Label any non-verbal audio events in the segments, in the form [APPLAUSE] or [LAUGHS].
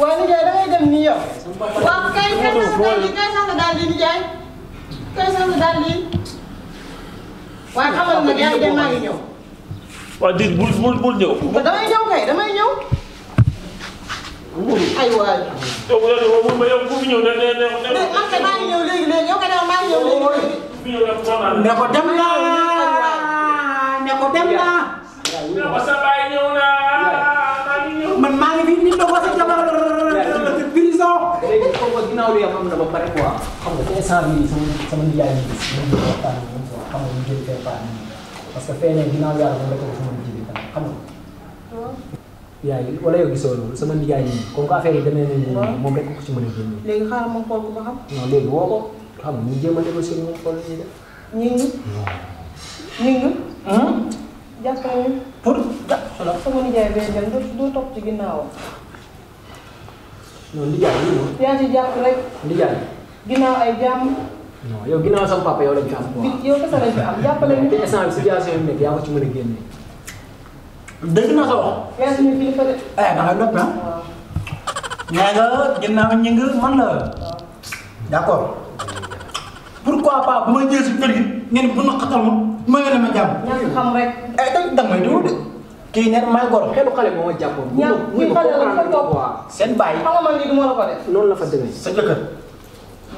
đi đi nhiều, cái cái cái chơi, quá, wani ke da kan niyo wa kai kai sa dali kai sa dali ni jai kai sa dali wa kama ma ga da ma niyo wa di bul bul ai niyo ba da niyo kai da niyo aiwa to wala da wani mai yan kuma niyo da ne ne ne an ka ma niyo le le yo ka da ma niyo le ne ko damla ne ko damla ne ko damla ginnaaw li am na ba pare quoi. xam nga tey instant bii sama sama nijaay bi gis nañ ko waxtaan ak moom quoi xam nga ñu jël fee paa parce que fee ne ginnaaw yàlla moom la ko sama nijaay bi xam nga. yaay wala yow gisoo loolu sama nijaay yi comme que affaire yi demee nañu nii moom rek ko ci mën a génne. léegi xaaral ma xool ko ba xam. non léegi woo ko xam nga ñu jéem a négocier moom xool ñu def. ñu ngi. ñu ngi. jàppale pour. sama nijaay bee dem doo topp ci ginnaawam. non Ndiaye lii. yaa ngi ci jàpp rek. Ndiaye. ginnaaw ay jàmm. non yow ginnaaw sama papa yow lañ fi am. waaw yow kese lañ fi am jàppale [LAUGHS] ñu. te instant bi situation yi nekk yaa ko ci mën a génne. dëgg na sa wax. yaa suñu kilifa de. eh da ah. man la. d' accord. pourquoi pas bu ma jëlee si kër gi ngeen bu naqatal ma rek. eh tamit danga may déglu kii nag maa ngi ko xelu xale moo ma jàppoon. ñaar kii xale la fa toog seen bàyyi. xam nga man lii du ma la ko def. noonu la fa demee sa jëkkër.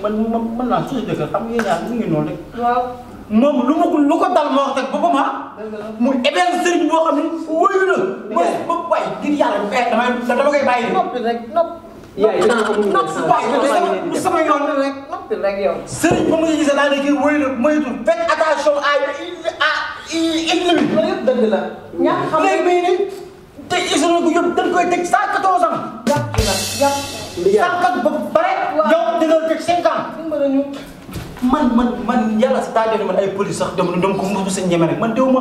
man man man naa sa jëkkër xam nga ñaar mu ngi noonu rek. waaw moom lu ma ko lu ko dal ma wax rek ba ba ma. mu ebeel sëriñ boo xam ne wóyu la. mooy ba waay ngir yàlla bu fekkee damay dama koy bàyyi. noppi rek nopp. yaay noppi sama yoon rek noppi rek yow. sëriñ ba mu ngi gisee daanaka wóyu la moytu fekk attention à à à il la. ñàkk xam lay bay de tey émission bi yëpp dañ koy teg cent quatorze ans. yàq na yàq. yàq ba pare. yow da nga teg cinq ans. man man man yàlla si taa man ay police sax dem dama ko mbubu sa ñeme rek man déw ma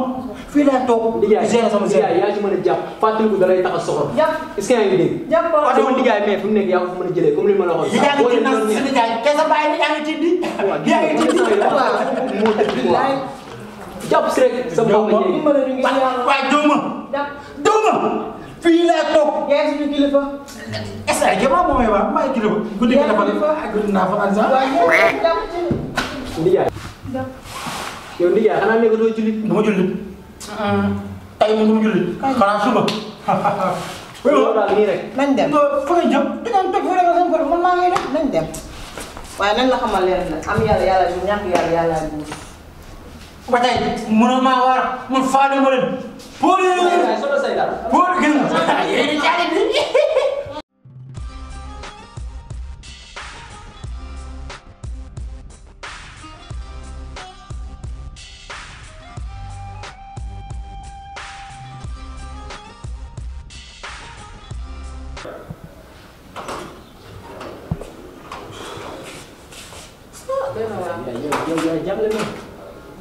fii laa toog. liggéey sama liggéey yaa ci mën a jàpp fàttaliku da lay tax a soxor. jàpp est-ce que yaa ngi dégg. jàpp waaw dama liggéey mais fi mu nekk yaa ko mën a jëlee comme li ma la waxoon. yaa ngi ci naan seen jaay kees a bàyyi yaa ngi ci di. yaa ngi ci di waaw moo dëgg jàpp si rek sa bopp waay Joma Joma fii laa toog yaay suñu kilifa est-ce que jamaa moom waa maay kilifa ku nekk dafa ne gudd naa fa ansa ndiyaay yow ndiyaay xanaa nekk doo jullit dama jullit tey moom dama jullit suba rek dem fa nga jëm da ngeen toog fi rek seen kër man ngi dem nañ dem waaye nañ la xamal leen nag am ba tey mënoo maa waar man faale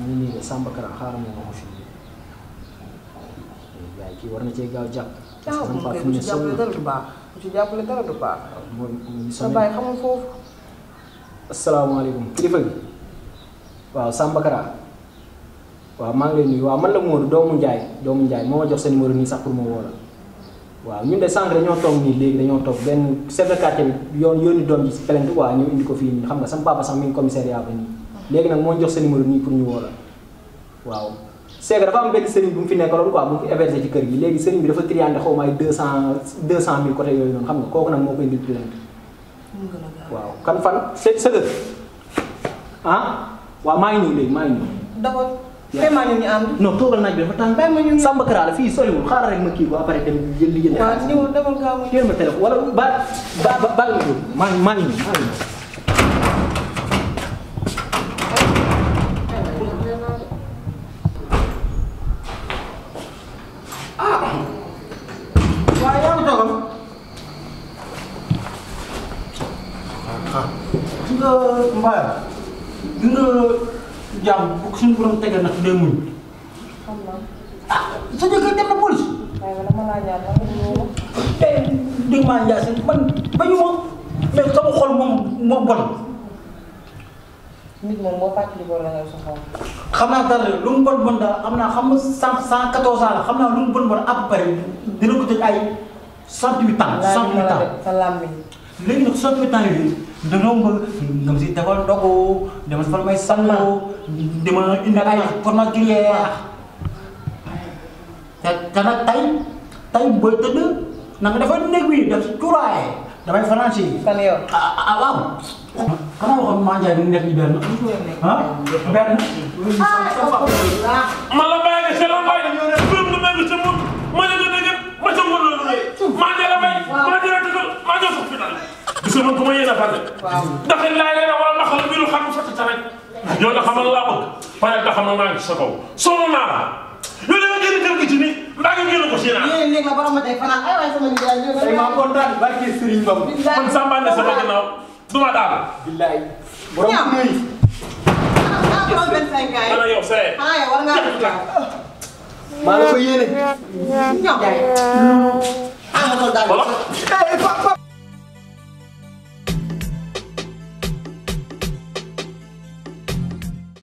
mu nii de Samba Kara xaaral ma ko fii waaye kii war na cee gaaw jàpp. parce que sama papa mu ne soo baax ku ci jàppale dara du baax. moom sa bàyyi xamul foofu. asalaamaaleykum kilifa gi waaw Samba Kara waaw maa ngi lay doomu Ndiaye doomu Ndiaye moo ma jox sa numéro nii sax pour ma woo la waaw ñun de sànq dañoo toog nii léegi dañoo toog benn chef de quartier bi yoon yooni doom ji si waaw ñu indi ko fii xam nga sama papa sax mi ngi commissariat ba nii. léegi nak mo jox sa numéro kan ni pour ñu wora waaw ségg dafa am benn sëriñ bu mu fi nekkaloon quoi mu fi hébergé ci kër gi légui sëriñ bi dafa triandé xaw ma ay deux cent côté yoy noonu xam nga kooku nag moo koy indil plainte waaw kan fan së sëgër ah wa may ñu ñëw may ñu ngi ñëw d'accord ñu ñi am. non togal naaj bi dafa tàng bàyyi ma ñu Samba kara la fi soli soriwul xaaral rek ma ki ko après dem jël li jënd waaw ka mu. Téel ma téléphone wala ba ba ba maa ma maa ngi ñëw waaw gis nga mbaayam gis nga jàmm bu suñu borom tegee nag day muñ. xam naa. ah sa jëkkër dem na police. waaw dama laa ñaan dama ñëw. tey ma mais xol moom moo bon. xam naa dara lu mu bon bon daal xam naa xam nga cent cent la xam naa lu mu bon bon à peu près dina ko tëj ay cent huit ans. cent huit ans léegi nag soppi temps yi dañoo mën nga si defal ndogu dama si formé sangu dama indil ay format yu yeex te te nag tey tey booy tëdd na nga defal néeg bi def si da damay fanaan si. fan yow ah ah waaw. xanaa waxoon maa njaay nekk ñu benn. ah ma la la man du ma yéen a fàtte. ndax it naa leen a war a naxal mbiru xam fàtte ca rek. yow da xamal laa bëgg waaye da xamal maa ngi sa kaw sonn naa la yow da nga génn kër gi ci nii mbaa nga génn ko si naa. yéen léegi nag ba xamante ne fanaan ay waay sama nijaay ñëw na. tey maa kontaan barke Serigne Bam. man Samba ne sama ginnaaw du ma daal. billaay borom nuyu. ah ah borom 25 ans yi. ana yow Seye. ah yow war ngaa maa la ko yéene. ñoom. ah ma toll daal.